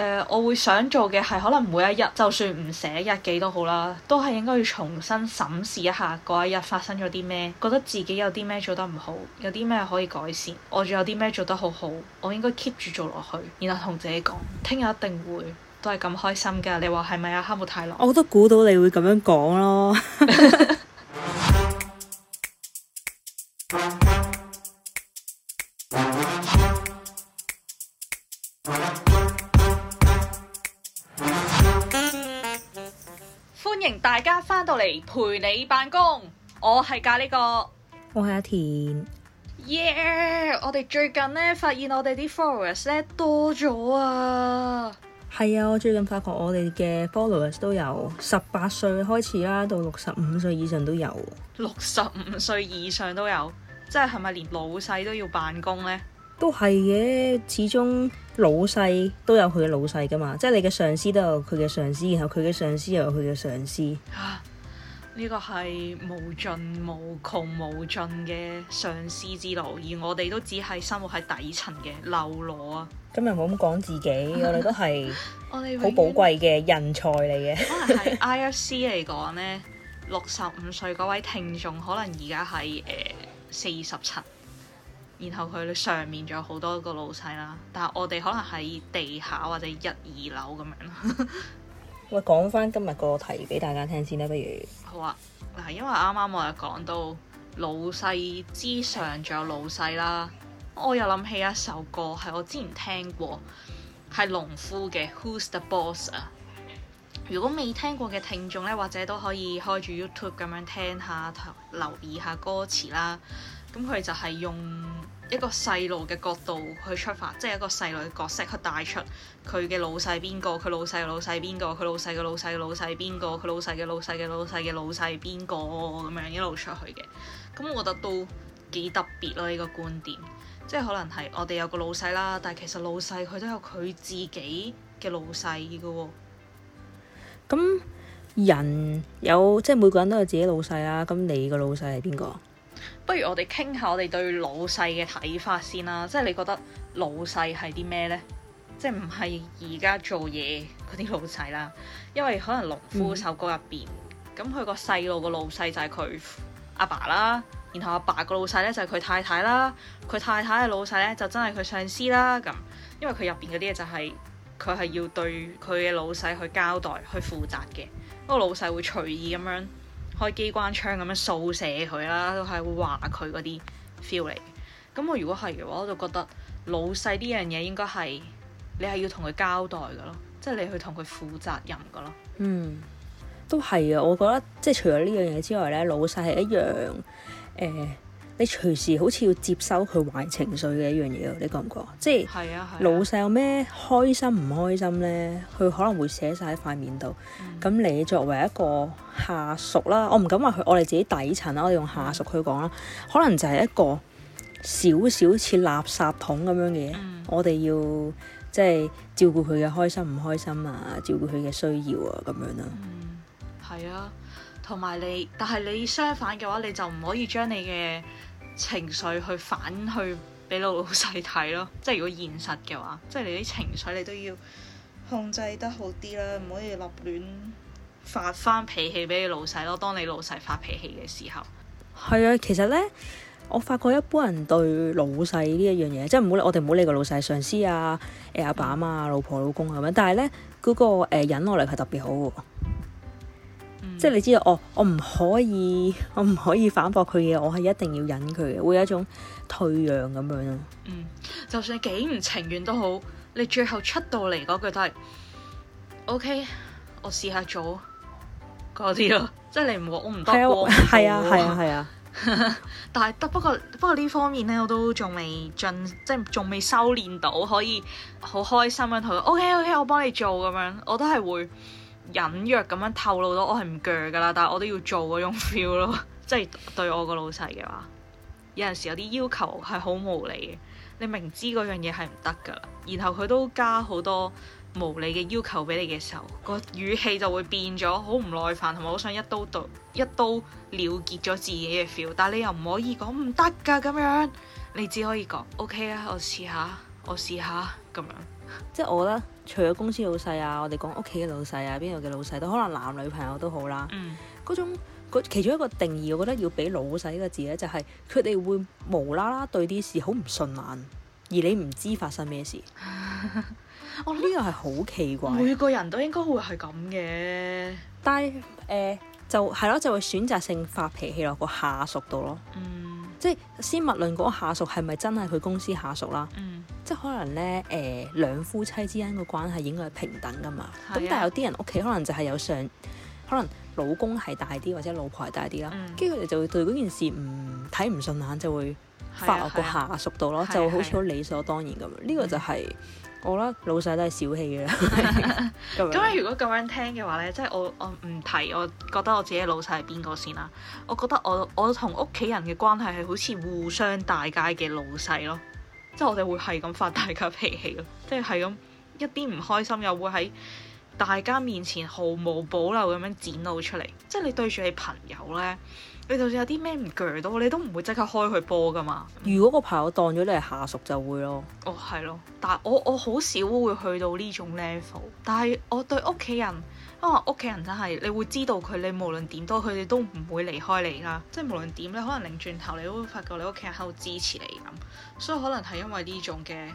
呃，我會想做嘅係可能每一日，就算唔寫日記都好啦，都係應該要重新審視一下嗰一日發生咗啲咩，覺得自己有啲咩做得唔好，有啲咩可以改善，我仲有啲咩做得好好，我應該 keep 住做落去，然後同自己講，聽日一定會都係咁開心噶。你話係咪啊？哈姆太郎？我都估到你會咁樣講咯。 嚟陪你辦公，我係咖呢個，我係阿田。Yeah，我哋最近咧發現我哋啲 followers 咧，多咗啊。係啊，我最近發覺我哋嘅 followers 都由十八歲開始啦，到六十五歲以上都有。六十五歲以上都有，即係係咪連老細都要辦公呢？都係嘅，始終老細都有佢嘅老細㗎嘛，即係你嘅上司都有佢嘅上司，然後佢嘅上司又有佢嘅上司。 呢個係無盡無窮無盡嘅上司之路，而我哋都只係生活喺底層嘅嘍囉啊！今日冇咁講自己， 我哋都係我哋好寶貴嘅人才嚟嘅。 可能係 I F C 嚟講呢，六十五歲嗰位聽眾可能而家係誒四十七，然後佢上面仲有好多個老細啦，但係我哋可能喺地下或者一二樓咁樣。 喂，講翻今日個題俾大家聽先啦，不如？好啊，嗱，因為啱啱我又講到老細之上仲有老細啦，我又諗起一首歌，係我之前聽過，係農夫嘅《Who’s the Boss》啊。如果未聽過嘅聽眾呢，或者都可以開住 YouTube 咁樣聽下，留意下歌詞啦。咁佢就係用一個細路嘅角度去出發，即係一個細路嘅角色去帶出佢嘅老細，邊個，佢老細嘅老細，邊個，佢老細嘅老細嘅老細，邊個，佢老細嘅老細嘅老細嘅老細，邊個，咁樣一路出去嘅。咁我覺得都幾特別咯，呢個觀點，即係可能係我哋有個老細啦，但係其實老細佢都有佢自己嘅老細嘅喎。咁人有，即係每個人都有自己老細啦。咁你個老細係邊個？不如我哋傾下我哋對老細嘅睇法先啦，即係你覺得老細係啲咩呢？即係唔係而家做嘢嗰啲老細啦？因為可能農夫首歌入邊，咁佢、嗯、個細路個老細就係佢阿爸啦，然後阿爸個老細咧就係佢太太啦，佢太太嘅老細咧就真係佢上司啦。咁因為佢入邊嗰啲嘢就係佢係要對佢嘅老細去交代、去負責嘅，嗰、嗰個老細會隨意咁樣。開機關槍咁樣掃射佢啦，都係會話佢嗰啲 feel 嚟。咁我如果係嘅話，我就覺得老細呢樣嘢應該係你係要同佢交代㗎囉，即係你去同佢負責任㗎囉。嗯，都係啊！我覺得即係除咗呢樣嘢之外咧，老細係一樣誒。呃你隨時好似要接收佢壞情緒嘅一樣嘢，你覺唔覺？即係、係啊、係啊、老細有咩開心唔開心咧，佢可能會寫晒喺塊面度。咁、嗯、你作為一個下屬啦，我唔敢話佢，我哋自己底層啦，我哋用下屬去講啦，可能就係一個少少似垃圾桶咁樣嘅，嘢、嗯。我哋要即係、就係、照顧佢嘅開心唔開心啊，照顧佢嘅需要啊，咁樣啦。嗯，係啊，同埋你，但係你相反嘅話，你就唔可以將你嘅情緒去反去俾老老細睇咯，即係如果現實嘅話，即係你啲情緒你都要控制得好啲啦，唔可以立亂發翻脾氣俾你老細咯。當你老細發脾氣嘅時候，係啊，其實呢，我發覺一般人對老細呢一樣嘢，即係唔好，我哋唔好理個老細上司啊，誒阿爸阿媽、啊、老婆、啊、老公啊係咪？但係呢，嗰、嗰個忍耐力係特別好喎。即係你知道我，我我唔可以，我唔可以反駁佢嘅。我係一定要忍佢嘅，會有一種退讓咁樣咯。嗯，就算你幾唔情願都好，你最後出到嚟嗰句都係 OK，我試下做嗰啲咯。即係你唔我唔得過係啊係啊係啊！啊啊 但係得不過不過呢方面咧，我都仲未進，即係仲未修練到可以好開心咁同佢 OK OK，我幫你做咁樣，我都係會。隱約咁樣透露到我係唔鋸噶啦，但係我都要做嗰種 feel 咯， 即係對我個老細嘅話，有陣時有啲要求係好無理嘅，你明知嗰樣嘢係唔得噶啦，然後佢都加好多無理嘅要求俾你嘅時候，個語氣就會變咗好唔耐煩，同埋好想一刀到一,一刀了結咗自己嘅 feel，但係你又唔可以講唔得噶咁樣，你只可以講 OK 啊，我試下，我試下咁樣。即係我覺得，除咗公司老細啊，我哋講屋企嘅老細啊，邊度嘅老細都可能男女朋友都好啦、啊。嗯。嗰種嗰其中一個定義，我覺得要俾老細個字咧，就係佢哋會無啦啦對啲事好唔順眼，而你唔知發生咩事。 我呢個係好奇怪。每個人都應該會係咁嘅。但係誒、呃，就係咯，就會選擇性發脾氣落個下屬度咯。嗯、即係先勿論嗰個下屬係咪真係佢公司下屬啦。嗯即係可能咧，誒、呃、兩夫妻之間嘅關係應該係平等噶嘛。咁的但係有啲人屋企可能就係有上，可能老公係大啲或者老婆係大啲啦，跟住佢哋就會對嗰件事唔睇唔順眼，就會發落個下屬度咯，的就好似好理所當然咁。呢的個就係、是、的我覺得老細都係小氣嘅。咁如果咁樣聽嘅話咧，即、就、係、是、我我唔提，我覺得我自己老細係邊個先啦？我覺得我我同屋企人嘅關係係好似互相互大階嘅老細咯。即係我哋會係咁發大家脾氣咯，即係係咁一啲唔開心又會喺大家面前毫無保留咁樣展露出嚟。即係你對住你朋友呢，你就算有啲咩唔鋸到，你都唔會即刻開佢波噶嘛。如果個朋友當咗你係下屬就會咯。哦，係咯，但係我我好少會去到呢種 level。但係我對屋企人。啊！屋企、哦、人真係，你會知道佢，你無論點都，佢哋都唔會離開你㗎。即係無論點，你可能擰轉頭，你都會發覺你屋企人喺度支持你咁，所以可能係因為呢種嘅。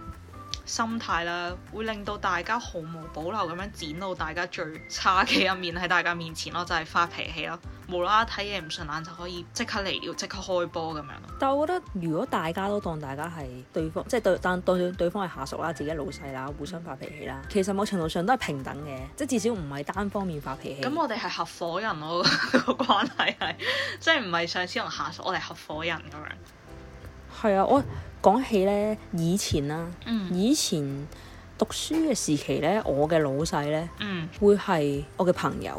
心態啦，會令到大家毫無保留咁樣展到大家最差嘅一面喺大家面前咯，就係、是、發脾氣咯，無啦啦睇嘢唔順眼就可以即刻嚟料，即刻開波咁樣。但係我覺得，如果大家都當大家係對方，即係對，但當對方係下屬啦，自己係老細啦，互相發脾氣啦，其實某程度上都係平等嘅，即係至少唔係單方面發脾氣。咁、嗯、我哋係合夥人咯，個 關係係即係唔係上司同下屬，我哋係合夥人咁樣。係啊，我。講起咧，以前啦，嗯、以前讀書嘅時期咧，我嘅老細咧，嗯、會係我嘅朋友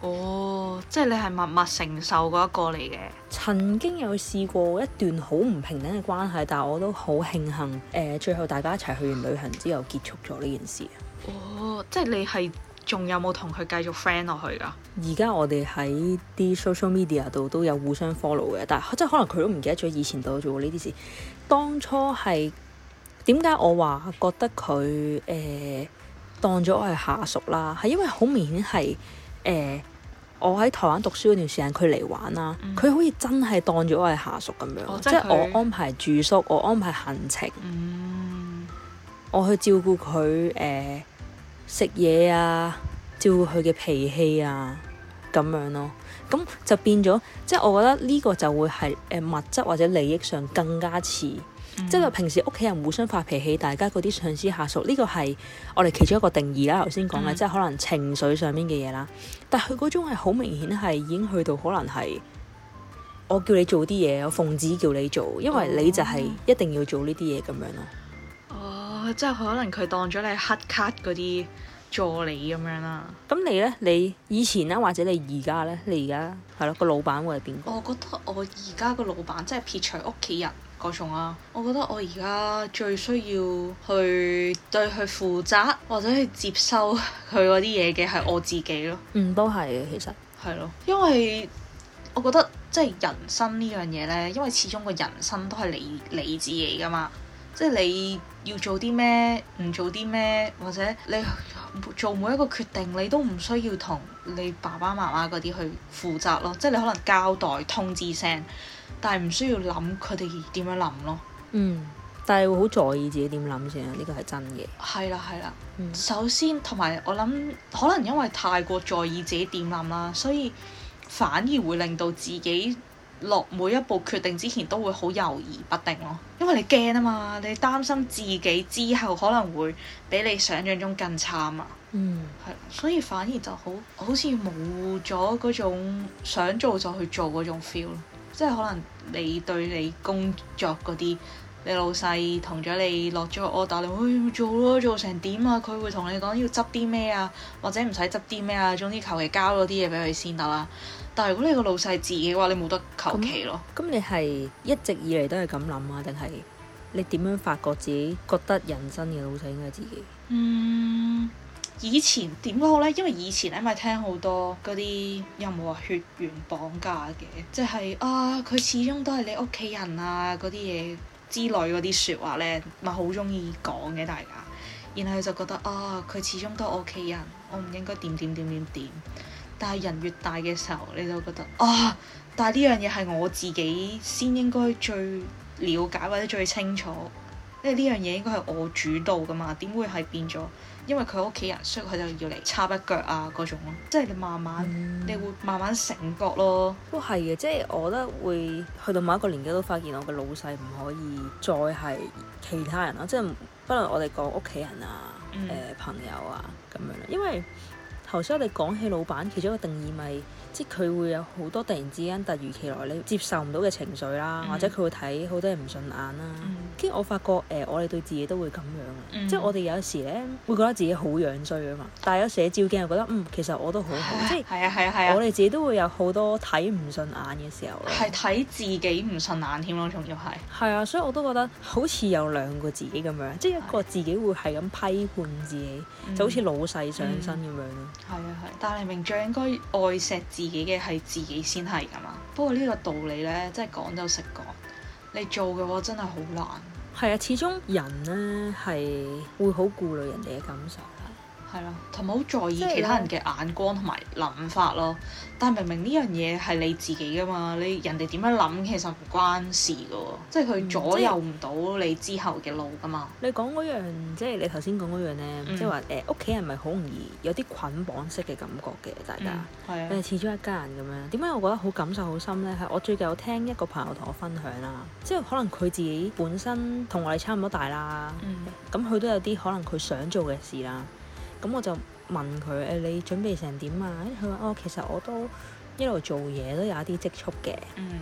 喎。哦，即係你係默默承受嗰一個嚟嘅。曾經有試過一段好唔平等嘅關係，但係我都好慶幸，誒、呃，最後大家一齊去完旅行之後結束咗呢件事。哦，即係你係。仲有冇同佢繼續 friend 落去㗎？而家我哋喺啲 social media 度都有互相 follow 嘅，但係即係可能佢都唔記得咗以前度做過呢啲事。當初係點解我話覺得佢誒、呃、當咗我係下屬啦？係因為好明顯係誒、呃、我喺台灣讀書嗰段時間，佢嚟玩啦。佢好似真係當咗我係下屬咁樣，哦、即係我安排住宿，我安排行程，嗯、我去照顧佢誒。呃食嘢啊，照顧佢嘅脾氣啊，咁樣咯，咁就變咗，即係我覺得呢個就會係誒物質或者利益上更加似，即係、嗯、平時屋企人互相發脾氣，大家嗰啲上司下屬，呢個係我哋其中一個定義啦。頭先講嘅，即係、嗯、可能情緒上面嘅嘢啦，但係佢嗰種係好明顯係已經去到可能係我叫你做啲嘢，我奉旨叫你做，因為你就係一定要做呢啲嘢咁樣咯。即係可能佢當咗你黑卡嗰啲助理咁樣啦。咁你呢？你以前呢？或者你而家呢？你而家係咯個老闆會係邊個？我覺得我而家個老闆即係撇除屋企人嗰種啊。我覺得我而家最需要去對佢負責，或者去接收佢嗰啲嘢嘅係我自己咯。嗯，都係嘅，其實係咯，了因為我覺得即係人生呢樣嘢呢，因為始終個人生都係你你自己噶嘛。即係你要做啲咩，唔做啲咩，或者你做每一個決定，你都唔需要同你爸爸媽媽嗰啲去負責咯。即係你可能交代通知聲，但係唔需要諗佢哋點樣諗咯。嗯，但係會好在意自己點諗先啦。呢個係真嘅。係啦係啦，嗯、首先同埋我諗，可能因為太過在意自己點諗啦，所以反而會令到自己落每一步決定之前都會好猶豫不定咯，因為你驚啊嘛，你擔心自己之後可能會比你想像中更慘啊。嗯，係，所以反而就好好似冇咗嗰種想做就去做嗰種 feel 咯，即係可能你對你工作嗰啲，你老細同咗你落咗 order 你話、欸、做咯，做成點啊？佢會同你講要執啲咩啊，或者唔使執啲咩啊，總之求其交咗啲嘢俾佢先得啦。但係如果你個老細自己嘅話，你冇得求其咯。咁，你係一直以嚟都係咁諗啊？定係你點樣發覺自己覺得人生嘅老細應該係自己？嗯，以前點講咧？因為以前咧咪聽好多嗰啲有冇話血緣綁架嘅，即係啊佢始終都係你屋企人啊嗰啲嘢之類嗰啲説話咧，咪好中意講嘅大家。然後就覺得啊，佢始終都係我屋企人，我唔應該點點點點點。但係人越大嘅時候，你就覺得啊，但係呢樣嘢係我自己先應該最了解或者最清楚，因為呢樣嘢應該係我主導噶嘛，點會係變咗？因為佢屋企人，所以佢就要嚟插一腳啊嗰種咯，即係你慢慢，嗯、你會慢慢醒覺咯。都係嘅，即係我覺得會去到某一個年紀都發現，我嘅老細唔可以再係其他人咯，即係不論我哋講屋企人啊、誒、嗯呃、朋友啊咁樣，因為。頭先我哋講起老闆其中一個定義，就是，咪即係佢會有好多突然之間突如其來你接受唔到嘅情緒啦，嗯、或者佢會睇好多人唔順眼啦。跟住、嗯、我發覺誒、呃，我哋對自己都會咁樣，嗯、即係我哋有時咧會覺得自己好樣衰啊嘛。但係有時照鏡又覺得嗯，其實我都好，好唉。即係係啊係啊係啊，啊啊我哋自己都會有好多睇唔順眼嘅時候，係睇、啊、自己唔順眼添咯，仲要係係啊，所以我都覺得好似有兩個自己咁樣，即係一個自己會係咁批判自己，就好似老細上身咁樣咯。嗯嗯嗯嗯嗯。係啊係，但係你明最應該愛錫自己嘅係自己先係噶嘛。不過呢個道理咧，即係講就識講，你做嘅話真係好難，係啊，始終人咧係會好顧慮人哋嘅感受。係啦，同埋好在意是其他人嘅眼光同埋諗法咯。嗯、但係明明呢樣嘢係你自己㗎嘛，你人哋點樣諗其實唔關事嘅。嗯、即係是佢左右唔到你之後嘅路㗎嘛。你講嗰樣，即係你頭先講嗰樣咧，即係話誒屋企人咪好容易有啲捆綁式嘅感覺嘅，大家。係、嗯。你係、啊呃、始終一家人咁樣，點解我覺得好感受好深咧？係我最近有聽一個朋友同我分享啦，即係可能佢自己本身同我哋差唔多大啦，咁佢、嗯、都有啲可能佢想做嘅事啦。咁我就問佢誒、哎，你準備成點啊？誒、哎，佢話哦，其實我都一路做嘢都有一啲積蓄嘅。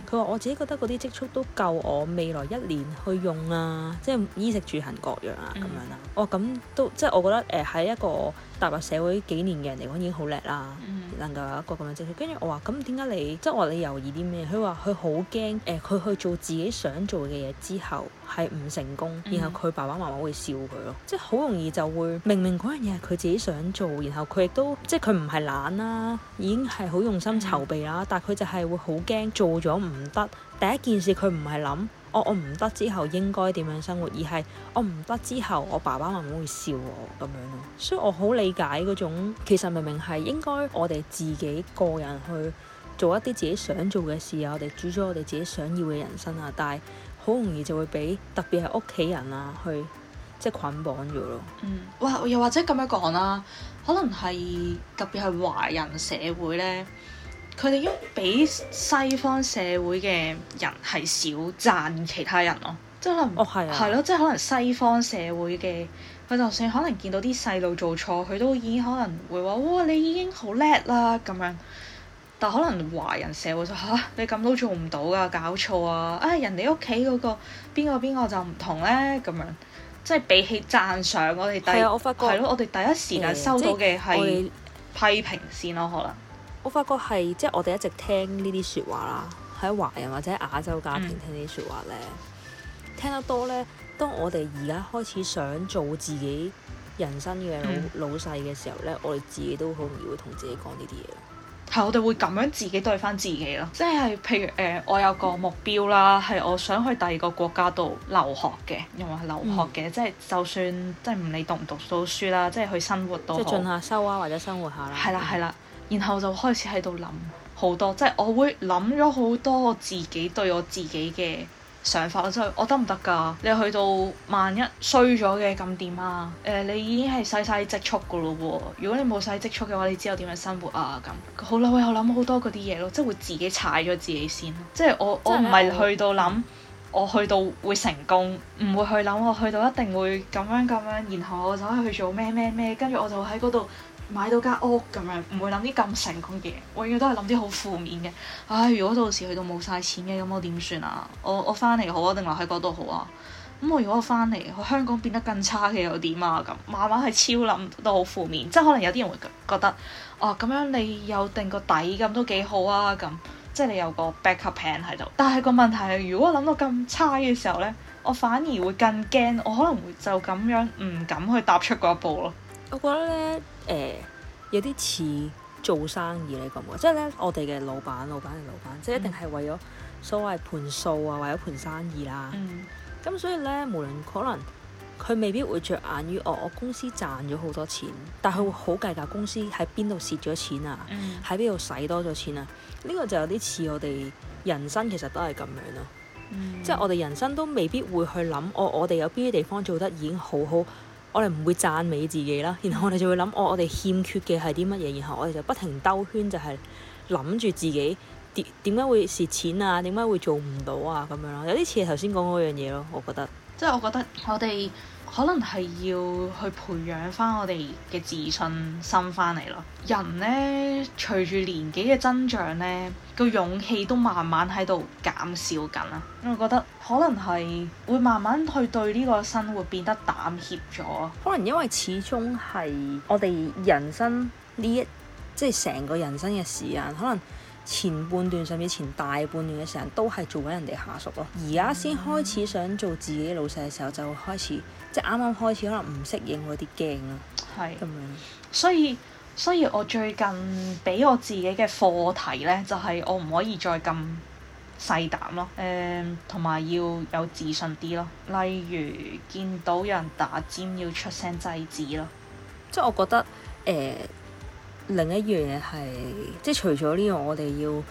佢話、嗯、我自己覺得嗰啲積蓄都夠我未來一年去用啊，即係衣食住行各樣啊咁樣啦，嗯、哦，咁都即係我覺得誒喺、呃、一個踏入社會幾年嘅人嚟講已經好叻啦，mm hmm. 能夠有一個咁樣嘅職業。跟住我話咁點解你即係我話你猶豫啲咩？佢話佢好驚誒，佢、呃、去做自己想做嘅嘢之後係唔成功，mm hmm. 然後佢爸爸媽媽會笑佢咯，即係好容易就會明明嗰樣嘢係佢自己想做，然後佢亦都即係佢唔係懶啦，已經係好用心籌備啦，mm hmm. 但係佢就係會好驚做咗唔得。第一件事佢唔係諗。我我唔得之後應該點樣生活？而係我唔得之後，我爸爸媽媽會笑我咁樣咯。所以我好理解嗰種，其實明明係應該我哋自己個人去做一啲自己想做嘅事啊，我哋主宰我哋自己想要嘅人生啊，但係好容易就會俾特別係屋企人啊去即係捆綁咗咯。嗯，哇又或者咁樣講啦，可能係特別係華人社會咧。佢哋一比西方社會嘅人係少讚其他人咯、oh, yeah.，即係可能係咯，即係可能西方社會嘅佢就算可能見到啲細路做錯，佢都已經可能會話：哇，你已經好叻啦咁樣。但可能華人社會就嚇、啊、你咁都做唔到噶，搞錯啊！啊、哎，人哋屋企嗰個邊個邊個就唔同咧咁樣，即係比起讚賞，我哋第啊，yeah, 我發覺係咯，我哋第一時間收到嘅係、yeah, 批評先咯，可能。我發覺係，即係我哋一直聽呢啲說話啦，喺華人或者亞洲家庭聽呢啲說話咧，嗯、聽得多咧，當我哋而家開始想做自己人生嘅老細嘅時候咧，嗯、我哋自己都好容易會同自己講呢啲嘢。係我哋會咁樣自己對翻自己咯，即係譬如誒、呃，我有個目標啦，係、嗯、我想去第二個國家度留學嘅，又話留學嘅、嗯，即係就算即係唔理讀唔讀到書啦，即係去生活多，即係進下修啊，或者生活下啦。係啦、嗯，係啦。然後就開始喺度諗好多，即係我會諗咗好多我自己對我自己嘅想法咯，即係我得唔得㗎？你去到萬一衰咗嘅咁點啊？誒、呃，你已經係使晒積蓄㗎咯喎，如果你冇使積蓄嘅話，你之後點樣生活啊？咁好啦，我有諗好多嗰啲嘢咯，即係會自己踩咗自己先，即係我我唔係去到諗，我去到會成功，唔會去諗我去到一定會咁樣咁樣，然後我就可以去做咩咩咩，跟住我就喺嗰度，買到間屋咁樣，唔會諗啲咁成功嘅嘢。永遠都係諗啲好負面嘅。唉，如果到時去到冇晒錢嘅，咁我點算啊？我我翻嚟好啊，定話喺嗰度好啊？咁我如果翻嚟，香港變得更差嘅又點啊？咁慢慢係超諗都好負面，即係可能有啲人會覺得，哦、啊、咁樣你有定個底咁都幾好啊咁，即係你有個 backup plan 喺度。但係個問題係，如果諗到咁差嘅時候呢，我反而會更驚，我可能會就咁樣唔敢去踏出嗰一步咯。我覺得呢。誒有啲似做生意嚟咁喎，即係咧我哋嘅老闆、老闆嘅老闆，即係一定係為咗所謂盤數啊，為咗盤生意啦。咁、嗯、所以咧，無論可能佢未必會着眼於我，我公司賺咗好多錢，但佢會好計較公司喺邊度蝕咗錢啊，喺邊度使多咗錢啊。呢、這個就有啲似我哋人生其實都係咁樣咯。嗯、即係我哋人生都未必會去諗、哦，我我哋有邊啲地方做得已經好好。我哋唔會讚美自己啦，然後我哋就會諗，哦，我我哋欠缺嘅係啲乜嘢，然後我哋就不停兜圈，就係諗住自己點點解會蝕錢啊，點解會做唔到啊咁樣咯，有啲似頭先講嗰樣嘢咯，我覺得。即係我覺得我哋。可能係要去培養翻我哋嘅自信心翻嚟咯。人呢，隨住年紀嘅增長呢，個勇氣都慢慢喺度減少緊啦。我覺得可能係會慢慢去對呢個生活變得膽怯咗。可能因為始終係我哋人生呢，一即係成個人生嘅時間，可能前半段甚至前大半段嘅時間都係做緊人哋下屬咯，而家先開始想做自己老細嘅時候就開始。即係啱啱開始可能唔適應嗰啲驚咯，係咁樣。所以所以，我最近俾我自己嘅課題呢，就係我唔可以再咁細膽咯。誒、呃，同埋要有自信啲咯。例如見到有人打尖要出聲制止咯。即係我覺得誒、呃、另一樣嘢係，即係除咗呢個，我哋要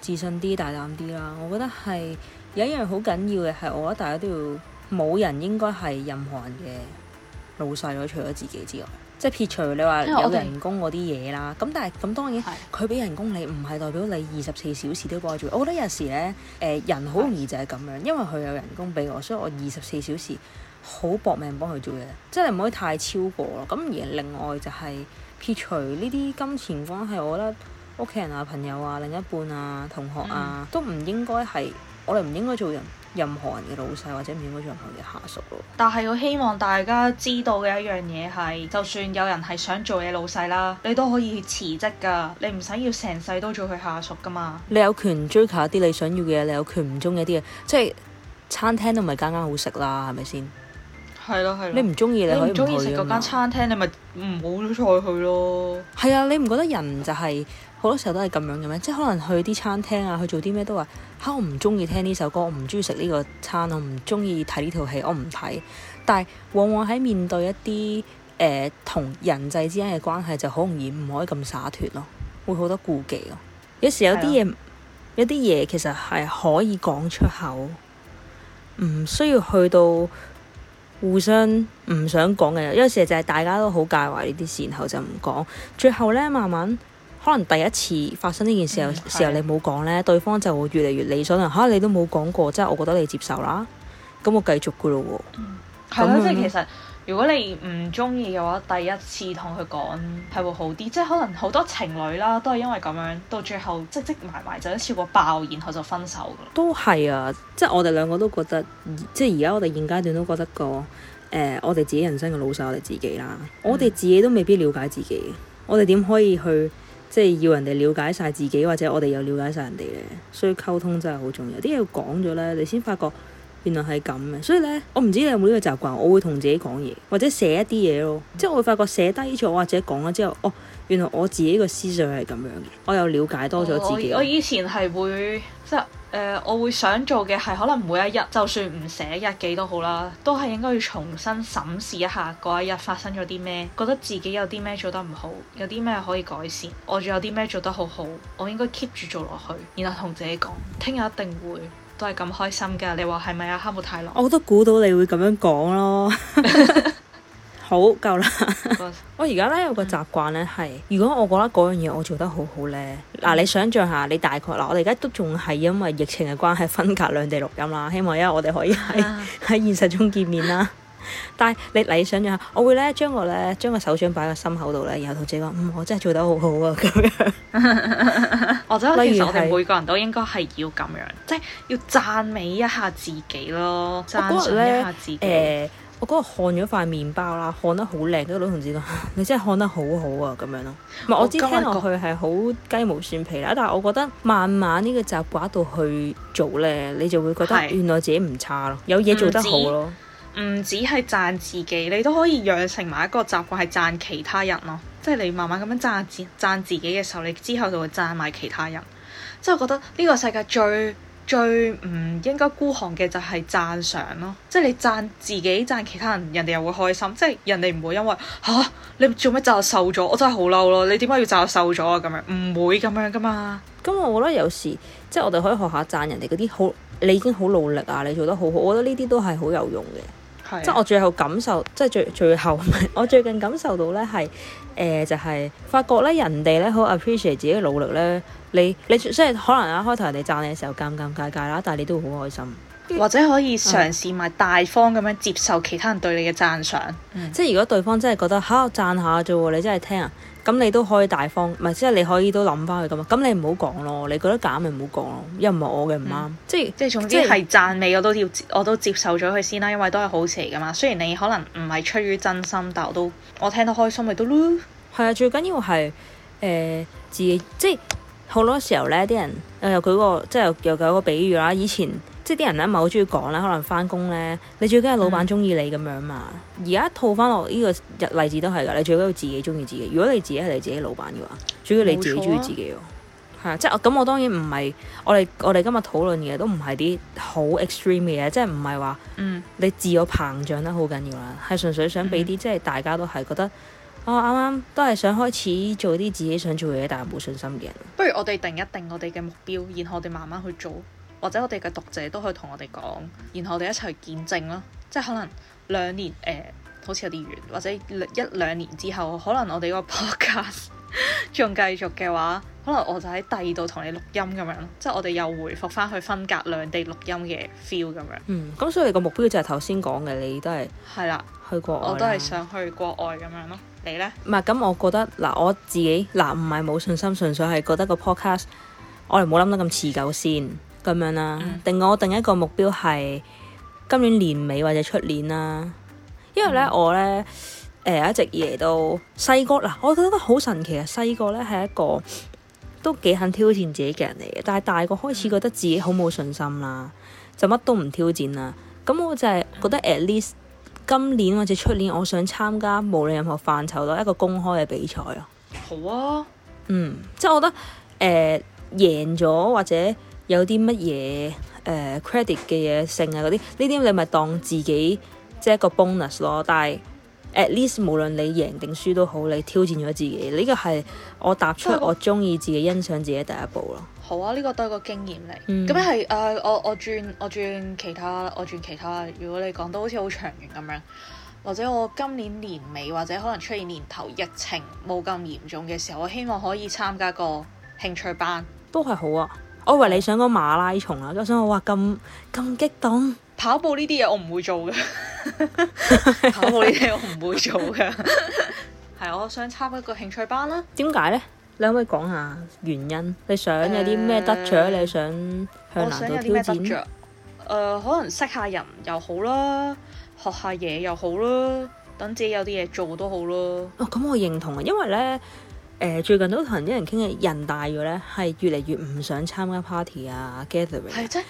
自信啲、大膽啲啦。我覺得係有一樣好緊要嘅係，我覺得大家都要。冇人應該係任何人嘅老細咯，除咗自己之外，即係撇除你話有人工嗰啲嘢啦。咁 Yeah, okay. 但係咁當然，佢俾人工你唔係代表你二十四小時都幫佢做。Yes. 我覺得有時咧，誒、呃、人好容易就係咁樣，Yes. 因為佢有人工俾我，所以我二十四小時好搏命幫佢做嘢。即係唔可以太超過咯。咁而另外就係、是、撇除呢啲金錢關係，我覺得屋企人啊、朋友啊、另一半啊、同學啊，mm. 都唔應該係我哋唔應該做人任何人嘅老細或者唔應該做任何嘅下屬咯。但係我希望大家知道嘅一樣嘢係，就算有人係想做嘢老細啦，你都可以辭職㗎。你唔使要成世都做佢下屬㗎嘛。你有權追求一啲你想要嘅嘢，你有權唔中意一啲嘢。即係餐廳都唔係間間好食啦，係咪先？係啦係啦。啊、你唔中意，你可以唔去㗎嘛。嗰間餐廳你咪唔好再去咯。係啊，你唔覺得人就係、是？好多時候都係咁樣嘅咩？即係可能去啲餐廳啊，去做啲咩都話吓、啊，我唔中意聽呢首歌，我唔中意食呢個餐，我唔中意睇呢套戲，我唔睇。但係往往喺面對一啲誒、呃、同人際之間嘅關係，就好容易唔可以咁灑脱咯，會好多顧忌咯、啊。有時有啲嘢，的有啲嘢其實係可以講出口，唔需要去到互相唔想講嘅。有時就係大家都好介懷呢啲事，然後就唔講，最後咧慢慢。可能第一次發生呢件事、嗯、時候，時候你冇講呢，對方就越嚟越理想。啦、啊、嚇。你都冇講過，即係我覺得你接受啦，咁我繼續噶咯喎。係咯、嗯麼嗯，即係其實如果你唔中意嘅話，第一次同佢講係會好啲。即係可能好多情侶啦，都係因為咁樣到最後積積埋埋，就一次過爆，然後就分手噶。都係啊，即係我哋兩個都覺得，即係而家我哋現階段都覺得個誒、呃，我哋自己人生嘅老細，我哋自己啦，嗯、我哋自己都未必了解自己，我哋點可以去？即係要人哋了解晒自己，或者我哋又了解晒人哋嘅。所以溝通真係好重要。啲嘢講咗咧，你先發覺原來係咁嘅。所以咧，我唔知你有冇呢個習慣，我會同自己講嘢，或者寫一啲嘢咯。嗯、即係我會發覺寫低咗或者講咗之後，哦，原來我自己個思想係咁樣嘅，我又了解多咗自己我。我以前係會。即係誒，我會想做嘅係可能每一日，就算唔寫日記都好啦，都係應該要重新審視一下嗰一日發生咗啲咩，覺得自己有啲咩做得唔好，有啲咩可以改善，我仲有啲咩做得好好，我應該 keep 住做落去，然後同自己講，聽日一定會都係咁開心噶你話係咪啊，哈姆太郎？我都估到你會咁樣講咯。 好夠啦！ 我而家咧有個習慣咧係，嗯，如果我覺得嗰樣嘢我做得好好咧。嗱，嗯、你想象下，你大概，嗱我哋而家都仲係因為疫情嘅關係分隔兩地錄音啦，希望因為我哋可以喺喺，啊、現實中見面啦。 但係你你想像下，我會咧將個咧將個手掌擺喺心口度咧，然後同自己講：嗯，我真係做得好好啊！咁樣，或者其實我哋每個人都應該係要咁樣，即係要讚美一下自己咯，讚賞下自己。呃我嗰個看咗塊麵包啦，看得好靚，嗰個老同志都， 你真係看得好好啊！咁樣咯，哦、我知今天 聽落去係好雞毛蒜皮啦，但係我覺得慢慢呢個習慣度去做呢，你就會覺得原來自己唔差咯，是有嘢做得好咯，唔止係讚自己，你都可以養成埋一個習慣係讚其他人咯，即係你慢慢咁樣讚自讚自己嘅時候，你之後就會讚埋其他人，即係我覺得呢個世界最～最唔應該孤寒嘅就係讚賞咯，即係你讚自己、讚其他人，人哋又會開心，即係人哋唔會因為吓、啊，你做咩就瘦咗，我真係好嬲咯，你點解要就瘦咗啊？咁樣唔會咁樣㗎嘛。咁我覺得有時即係我哋可以學下讚人哋嗰啲好，你已經好努力啊，你做得好好，我覺得呢啲都係好有用嘅。即係我最後感受，即係最最後，我最近感受到咧係，誒、呃、就係、是、發覺咧人哋咧好 appreciate 自己嘅努力咧，你你即係可能一開頭人哋讚你嘅時候尷尷尬尬啦，但係你都會好開心，或者可以嘗試埋大方咁樣接受其他人對你嘅讚賞，嗯、即係如果對方真係覺得嚇、啊、讚下啫喎，你真係聽啊！咁你都可以大方，唔係即係你可以都諗翻佢咁咁你唔好講咯，你覺得假咪唔好講咯，因為唔係我嘅唔啱，即係即係總之係讚美我都要，我都接受咗佢先啦，因為都係好邪嚟噶嘛。雖然你可能唔係出於真心，但我都我聽得開心咪得咯。係啊，最緊要係誒自己，即係好多時候咧，啲人誒佢個即係又有，有個比喻啦，以前。即係啲人咧，唔係好中意講啦。可能翻工咧，你最緊要老闆中意你咁樣嘛。而家、嗯、套翻落呢個日例子都係噶，你最緊要自己中意自己。如果你自己係你自己老闆嘅話，主要你自己中意自己咯。係啊，即係我咁，我當然唔係我哋我哋今日討論嘅都唔係啲好 extreme 嘅嘢，即係唔係話你自我膨脹得好緊要啦，係純、嗯、粹想俾啲即係大家都係覺得，我啱啱都係想開始做啲自己想做嘅嘢，但係冇信心嘅人。不如我哋定一定我哋嘅目標，然後我哋慢慢去做。或者我哋嘅讀者都可以同我哋講，然後我哋一齊見證咯。即係可能兩年誒、呃，好似有啲遠，或者一兩年之後，可能我哋個 podcast 仲繼續嘅話，可能我就喺第二度同你錄音咁樣。即係我哋又回復翻去分隔兩地錄音嘅 feel 咁樣。嗯，咁所以個目標就係頭先講嘅，你都係係啦，去國外我都係想去國外咁樣咯。你呢？唔係咁？我覺得嗱，我自己嗱，唔係冇信心，純粹係覺得個 podcast 我哋冇諗得咁持久先。咁樣啦，嗯、定我定一個目標係今年年尾或者出年啦。因為咧，嗯、我咧誒、呃、一直以嚟都細個嗱，我覺得好神奇啊。細個咧係一個都幾肯挑戰自己嘅人嚟嘅，但係大個開始覺得自己好冇信心啦，就乜都唔挑戰啦。咁我就係覺得 at least 今年或者出年，我想參加無論任何範疇都一個公開嘅比賽啊。好啊，嗯，即係我覺得誒贏咗或者。有啲乜嘢誒 credit 嘅嘢性啊嗰啲，呢啲你咪當自己即係一個 bonus 咯。但係 at least 無論你贏定輸都好，你挑戰咗自己，呢個係我踏出我中意自己、欣賞自己第一步咯。好啊，呢個都係個經驗嚟。咁係誒，我我轉我轉其他，我轉其他。如果你講到好似好長遠咁樣，或者我今年年尾或者可能出現年頭疫情冇咁嚴重嘅時候，我希望可以參加個興趣班，都係好啊。我以為你想講馬拉松啦，都想我話咁咁激動跑步呢啲嘢我唔會做嘅 跑步呢啲我唔會做嘅， 係我想參一個興趣班啦。點解呢？你可唔可以講下原因？你想有啲咩得著？呃、你想向難度挑戰？誒、呃，可能識下人又好啦，學下嘢又好啦，等自己有啲嘢做都好咯。哦，咁我認同啊，因為呢。誒，最近都同啲人傾偈，人大咗咧，係越嚟越唔想參加 party 啊，gathering。係真係，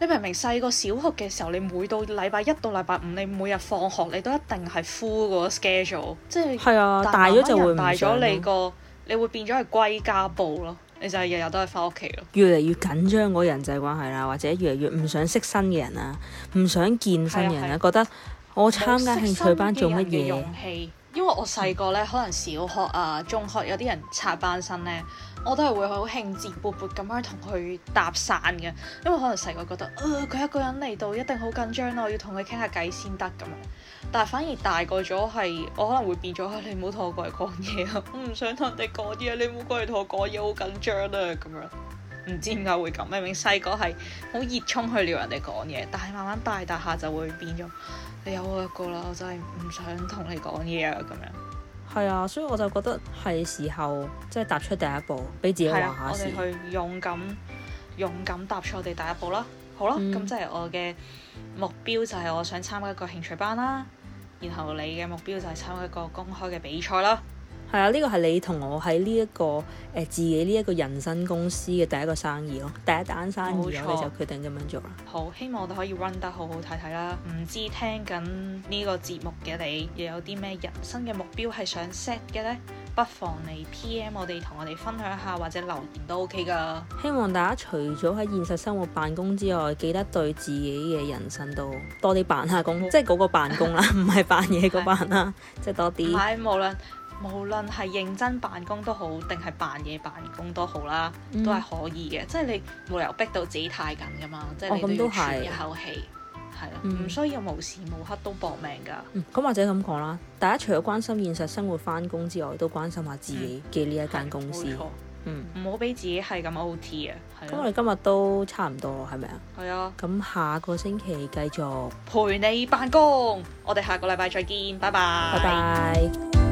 你明明細個小學嘅時候，你每到禮拜一到禮拜五，你每日放學你都一定係 full 個 schedule 即。即係係啊，但大咗就會大咗你個，你會變咗係歸家暴咯。你就係日日都係翻屋企咯。越嚟越緊張個人際關係啦，或者越嚟越唔想識新嘅人啦，唔想見新嘅人啦，啊啊啊、覺得我參加興趣的的班做乜嘢？因為我細個咧，可能小學啊、中學有啲人插班生咧，我都係會好興致勃勃咁樣同佢搭訕嘅。因為可能細個覺得啊，佢、呃、一個人嚟到一定好緊張啦，我要同佢傾下偈先得咁樣。但係反而大個咗係，我可能會變咗啦。你唔好同我過嚟講嘢啊！我唔想同你哋講嘢，你唔好過嚟同我講嘢，好緊張啊咁樣。唔知點解會咁，明明細個係好熱衷去撩人哋講嘢，但係慢慢大大下就會變咗，你有我一個啦，我真係唔想同你講嘢啊咁樣。係啊，所以我就覺得係時候即係、就是、踏出第一步，俾自己、啊、我哋去勇敢勇敢踏出我哋第一步啦，好啦，咁即係我嘅目標就係我想參加一個興趣班啦，然後你嘅目標就係參加一個公開嘅比賽啦。係啊，呢個係你同我喺呢一個誒、呃、自己呢一個人生公司嘅第一個生意咯，第一單生意，我哋冇錯，就決定咁樣做啦。好，希望我哋可以 run 得好好睇睇啦。唔知聽緊呢個節目嘅你，又有啲咩人生嘅目標係想 set 嘅呢？不妨你 P.M 我哋，同我哋分享一下或者留言都 O.K. 噶。希望大家除咗喺現實生活辦公之外，記得對自己嘅人生都多啲辦下工，即係嗰個辦工啦，唔係扮嘢嗰扮啦，即係多啲。係，無論。無論係認真辦公都好，定係扮嘢辦公都好啦，都係可以嘅。嗯、即係你無由逼到自己太緊噶嘛，哦、即係你都要喘一口氣，係啦、嗯，唔需要無時無刻都搏命㗎。咁、嗯、或者咁講啦，大家除咗關心現實生活翻工之外，都關心下自己嘅呢一間公司。嗯，唔好俾自己係咁 OT 啊！咁我哋今日都差唔多啦，係咪啊？係啊的。咁下個星期繼續陪你辦公，我哋下個禮拜再見，拜拜。拜拜。